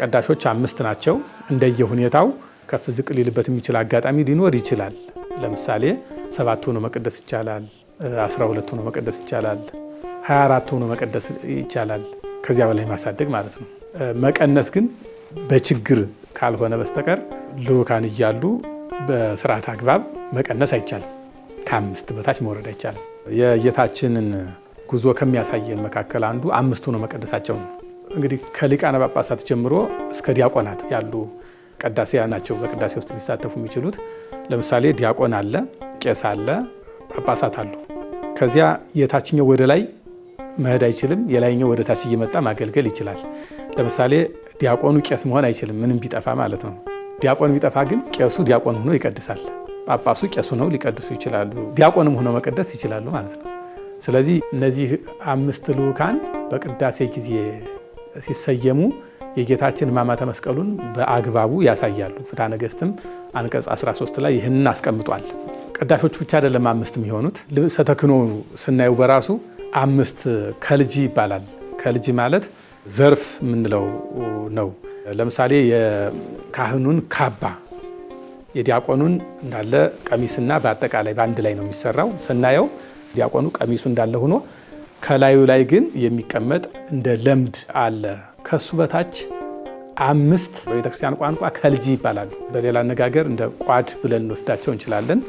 ቀዳሾች አምስት ናቸው። እንደየ ሁኔታው ከፍ ዝቅ ሊልበት የሚችል አጋጣሚ ሊኖር ይችላል። ለምሳሌ ሰባት ሆኖ መቀደስ ይቻላል። አስራ ሁለት ሆኖ መቀደስ ይቻላል። ሀያ አራት ሆኖ መቀደስ ይቻላል። ከዚያ በላይ ማሳደግ ማለት ነው። መቀነስ ግን በችግር ካልሆነ በስተቀር ልዑካን እያሉ በስርዓት አግባብ መቀነስ አይቻልም። ከአምስት በታች መውረድ አይቻልም። የየታችንን ጉዞ ከሚያሳየን መካከል አንዱ አምስቱ ነው መቀደሳቸው ነው። እንግዲህ ከሊቃነ ጳጳሳት ጀምሮ እስከ ዲያቆናት ያሉ ቀዳሴያ ናቸው በቅዳሴ ውስጥ ሊሳተፉ የሚችሉት። ለምሳሌ ዲያቆን አለ፣ ቄስ አለ፣ ጳጳሳት አሉ። ከዚያ የታችኛው ወደ ላይ መሄድ አይችልም። የላይኛው ወደ ታች እየመጣ ማገልገል ይችላል። ለምሳሌ ዲያቆኑ ቄስ መሆን አይችልም፣ ምንም ቢጠፋ ማለት ነው። ዲያቆን ቢጠፋ ግን ቄሱ ዲያቆን ሆኖ ይቀድሳል። ጳጳሱ ቄሱ ነው፣ ሊቀድሱ ይችላሉ። ዲያቆንም ሆኖ መቀደስ ይችላሉ ማለት ነው። ስለዚህ እነዚህ አምስት ልዑካን በቅዳሴ ጊዜ ሲሰየሙ የጌታችን ሕማማተ መስቀሉን በአግባቡ ያሳያሉ። ፍትሐ ነገሥትም አንቀጽ 13 ላይ ይህንን አስቀምጧል። ቅዳሾቹ ብቻ አይደለም አምስት የሚሆኑት። ልብሰ ተክህኖ ስናየው በራሱ አምስት ከልጂ ይባላል። ከልጂ ማለት ዘርፍ የምንለው ነው። ለምሳሌ የካህኑን ካባ የዲያቆኑን እንዳለ ቀሚስና በአጠቃላይ በአንድ ላይ ነው የሚሰራው ስናየው ዲያቆኑ ቀሚሱ እንዳለ ሆኖ ከላዩ ላይ ግን የሚቀመጥ እንደ ለምድ አለ። ከሱ በታች አምስት በቤተክርስቲያን ቋንቋ ከልጂ ይባላሉ። በሌላ አነጋገር እንደ ቋድ ብለን እንወስዳቸው እንችላለን።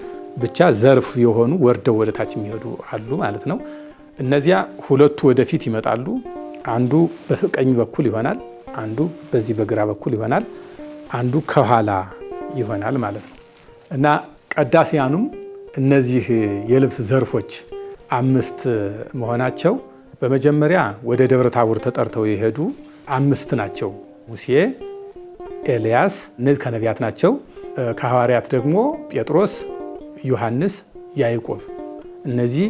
ብቻ ዘርፍ የሆኑ ወርደው ወደ ታች የሚሄዱ አሉ ማለት ነው። እነዚያ ሁለቱ ወደፊት ይመጣሉ። አንዱ በቀኝ በኩል ይሆናል፣ አንዱ በዚህ በግራ በኩል ይሆናል፣ አንዱ ከኋላ ይሆናል ማለት ነው እና ቀዳሲያኑም እነዚህ የልብስ ዘርፎች አምስት መሆናቸው በመጀመሪያ ወደ ደብረ ታቦር ተጠርተው የሄዱ አምስት ናቸው። ሙሴ፣ ኤልያስ እነዚህ ከነቢያት ናቸው። ከሐዋርያት ደግሞ ጴጥሮስ፣ ዮሐንስ፣ ያዕቆብ እነዚህ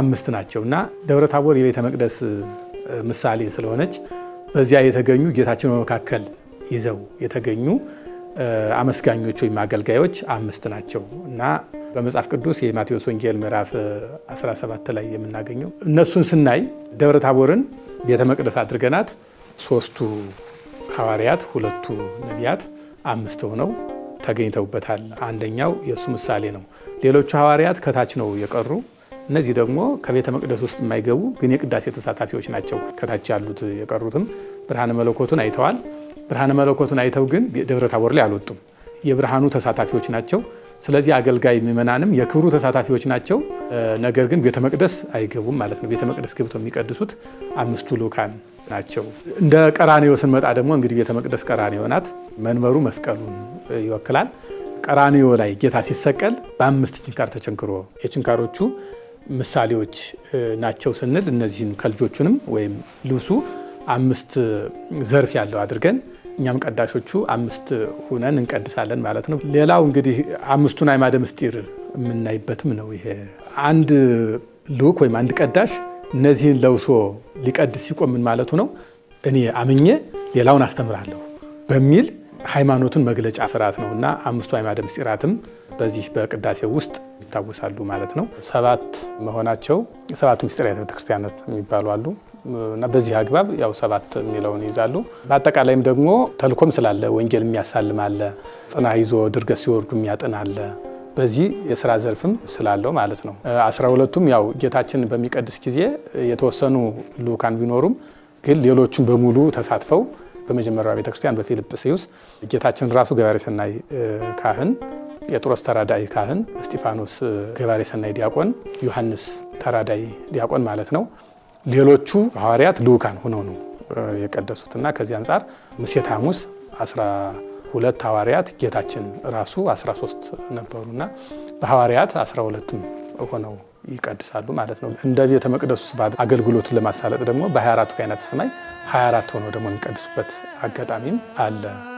አምስት ናቸው እና ደብረ ታቦር የቤተ መቅደስ ምሳሌ ስለሆነች በዚያ የተገኙ ጌታችን በመካከል ይዘው የተገኙ አመስጋኞች ወይም አገልጋዮች አምስት ናቸው እና በመጽሐፍ ቅዱስ የማቴዎስ ወንጌል ምዕራፍ 17 ላይ የምናገኘው እነሱን ስናይ ደብረ ታቦርን ቤተ መቅደስ አድርገናት ሶስቱ ሐዋርያት ሁለቱ ነቢያት አምስት ሆነው ተገኝተውበታል። አንደኛው የእሱ ምሳሌ ነው። ሌሎቹ ሐዋርያት ከታች ነው የቀሩ። እነዚህ ደግሞ ከቤተ መቅደስ ውስጥ የማይገቡ ግን የቅዳሴ ተሳታፊዎች ናቸው። ከታች ያሉት የቀሩትም ብርሃነ መለኮቱን አይተዋል። ብርሃነ መለኮቱን አይተው ግን ደብረ ታቦር ላይ አልወጡም። የብርሃኑ ተሳታፊዎች ናቸው። ስለዚህ አገልጋይ ምእመናንም የክብሩ ተሳታፊዎች ናቸው። ነገር ግን ቤተ መቅደስ አይገቡም ማለት ነው። ቤተ መቅደስ ገብተው የሚቀድሱት አምስቱ ልኡካን ናቸው። እንደ ቀራኔዮ ስንመጣ ደግሞ እንግዲህ ቤተ መቅደስ ቀራኔዮ ናት። መንበሩ መስቀሉን ይወክላል። ቀራኔዮ ላይ ጌታ ሲሰቀል በአምስት ችንካር ተቸንክሮ የችንካሮቹ ምሳሌዎች ናቸው ስንል እነዚህን ከልጆቹንም ወይም ልብሱ አምስት ዘርፍ ያለው አድርገን እኛም ቀዳሾቹ አምስት ሁነን እንቀድሳለን ማለት ነው። ሌላው እንግዲህ አምስቱን አዕማደ ምስጢር የምናይበትም ነው ይሄ። አንድ ልዑክ ወይም አንድ ቀዳሽ እነዚህን ለብሶ ሊቀድስ ሲቆም ምን ማለቱ ነው? እኔ አምኜ ሌላውን አስተምራለሁ በሚል ሃይማኖትን መግለጫ ስርዓት ነው እና አምስቱ አይማደም ምስጢራትም በዚህ በቅዳሴ ውስጥ ይታወሳሉ ማለት ነው። ሰባት መሆናቸው ሰባቱ ምስጢራተ ቤተክርስቲያናት የሚባሉ አሉ። እና በዚህ አግባብ ያው ሰባት የሚለውን ይዛሉ። በአጠቃላይም ደግሞ ተልኮም ስላለ ወንጌል የሚያሳልም አለ፣ ጽና ይዞ ድርገት ሲወርዱ የሚያጥን አለ። በዚህ የስራ ዘርፍም ስላለው ማለት ነው። አስራ ሁለቱም ያው ጌታችን በሚቀድስ ጊዜ የተወሰኑ ልኡካን ቢኖሩም ግን ሌሎቹም በሙሉ ተሳትፈው በመጀመሪያ ቤተክርስቲያን በፊልጵስዩስ ጌታችን ራሱ ገባሬ ሰናይ ካህን፣ ጴጥሮስ ተራዳይ ካህን፣ እስጢፋኖስ ገባሬ ሰናይ ዲያቆን፣ ዮሐንስ ተራዳይ ዲያቆን ማለት ነው ሌሎቹ ሐዋርያት ልዑካን ሆነው ነው የቀደሱትና ከዚህ አንጻር ምሴተ ሐሙስ 12 ሐዋርያት ጌታችን ራሱ 13 ነበሩና በሐዋርያት 12ም ሆነው ይቀድሳሉ ማለት ነው። እንደ ቤተ መቅደሱ ስፋት አገልግሎቱን ለማሳለጥ ደግሞ በ24ቱ ካህናተ ሰማይ 24 ሆነው ደግሞ የሚቀድሱበት አጋጣሚም አለ።